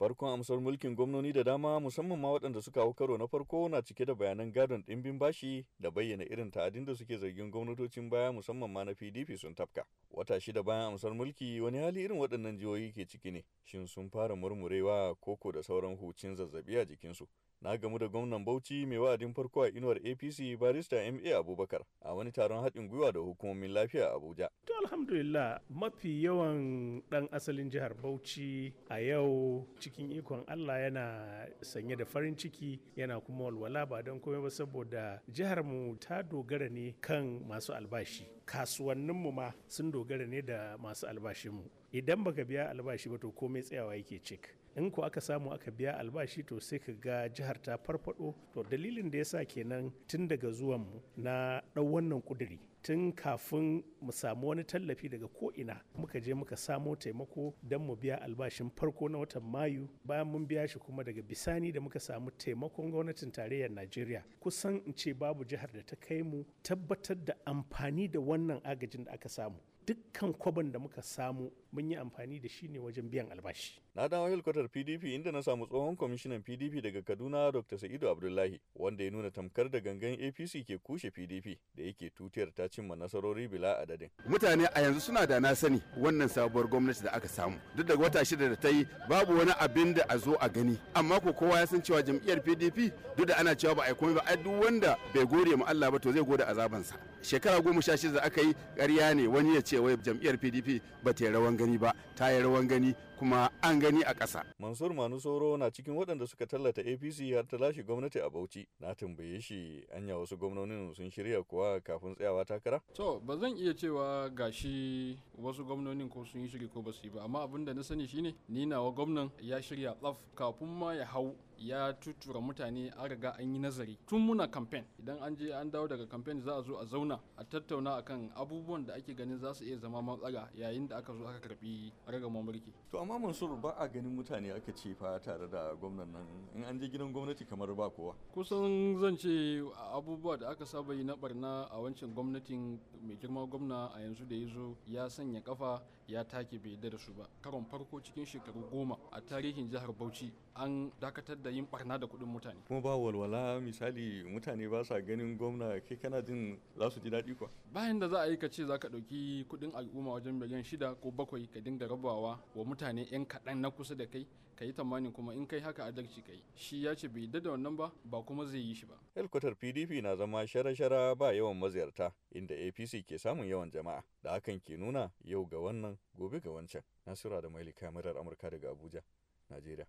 Farkon amsar mulkin gwamnoni da dama musamman ma waɗanda suka hau karo na farko na cike da bayanan gadon ɗimbin bashi da bayyana irin ta'adin da suke zargin gwamnatocin baya musamman ma na PDP sun tafka. Wata shida bayan amsar mulki wani hali irin waɗannan jihohi ke ciki ne. Shin sun fara murmurewa koko da sauran hucin zazzabi a jikinsu. na gamu da gwamnan bauchi mai wa'adin farko a inuwar apc barista ma abubakar a wani taron haɗin gwiwa da hukumomin lafiya a abuja to alhamdulillah mafi yawan ɗan asalin jihar bauchi a yau cikin ikon allah yana sanye da farin ciki yana kuma walwala ba don komai ba saboda jihar mu ta dogara ne kan masu albashi kasuwanninmu ma sun dogara ne da masu albashinmu idan baka biya albashi ba to komai tsayawa yake cika. in ku aka samu aka biya albashi to sai ka ga jihar ta farfado to dalilin da ya yasa kenan tun daga zuwan mu na ɗau wannan kuduri tun kafin mu samu wani tallafi daga ko ina muka je muka samo taimako don mu biya albashin farko na watan mayu bayan mun biya shi kuma daga bisani da muka samu taimakon gwamnatin tarayyar najeriya kusan in ce babu jihar da ta kai mu tabbatar da amfani da wannan agajin da aka samu dukkan kwaban da muka samu mun yi amfani da shi ne wajen biyan albashi. Na dawo hilkwatar PDP inda na samu tsohon kwamishinan PDP daga Kaduna Dr. Sa'idu Abdullahi wanda ya nuna tamkar da gangan APC ke kushe PDP da yake tutiyar ta cimma nasarori bila adadin. Mutane a yanzu suna da na sani wannan sabuwar gwamnati da aka samu. Duk da wata shida da ta yi babu wani abin da a zo a gani. Amma ko kowa ya san cewa jam'iyyar PDP duk da ana cewa ba a komai ba ai duk wanda bai gode ma Allah ba to zai gode azabansa. Shekara goma sha shida da aka yi karya ne wani ya ce kewaye jam'iyyar pdp ba ta yi rawan gani ba ta yi rawan gani kuma an gani a ƙasa. mansur manu soro na cikin waɗanda suka tallata apc har ta lashe gwamnati a bauchi na tambaye shi anya wasu gwamnonin sun shirya kuwa kafin tsayawa takara. to ba zan iya cewa gashi wasu gwamnonin ko sun yi shiri ko ba su yi ba amma abin da na sani shine ni nawa gwamnan ya shirya tsaf kafin ma ya hau ya tutura mutane an riga an yi nazari tun muna kamfen idan an je an dawo daga kamfen za a zo a zauna a tattauna kan abubuwan da ake ganin za su iya zama matsala yayin da aka zo aka karbi ragamar mulki to amma mansur ba a ganin mutane aka ce fa tare da gwamnan nan in an je gidan gwamnati kamar ba kowa kusan zan ce abubuwa da aka saba yi na barna a wancan gwamnatin mai girma gwamna a yanzu da ya zo ya sanya kafa ya take bai da su ba karon farko cikin shekaru goma a tarihin jihar bauchi an dakatar da da yin barna da kudin mutane kuma ba walwala misali mutane ba sa ganin gwamna kai kana jin za su ji daɗi kuwa bayan da za a yi ka ce za ka ɗauki kuɗin al'umma wajen miliyan shida ko bakwai ka dinga rabawa wa mutane yan kaɗan na kusa da kai ka yi tamanin kuma in kai haka adalci yi shi ya ce bai da wannan ba ba kuma zai yi shi ba helkwatar pdp na zama shara-shara ba yawan maziyarta inda apc ke samun yawan jama'a da hakan ke nuna yau ga wannan gobe ga wancan nasura da maili kamarar amurka daga abuja najeriya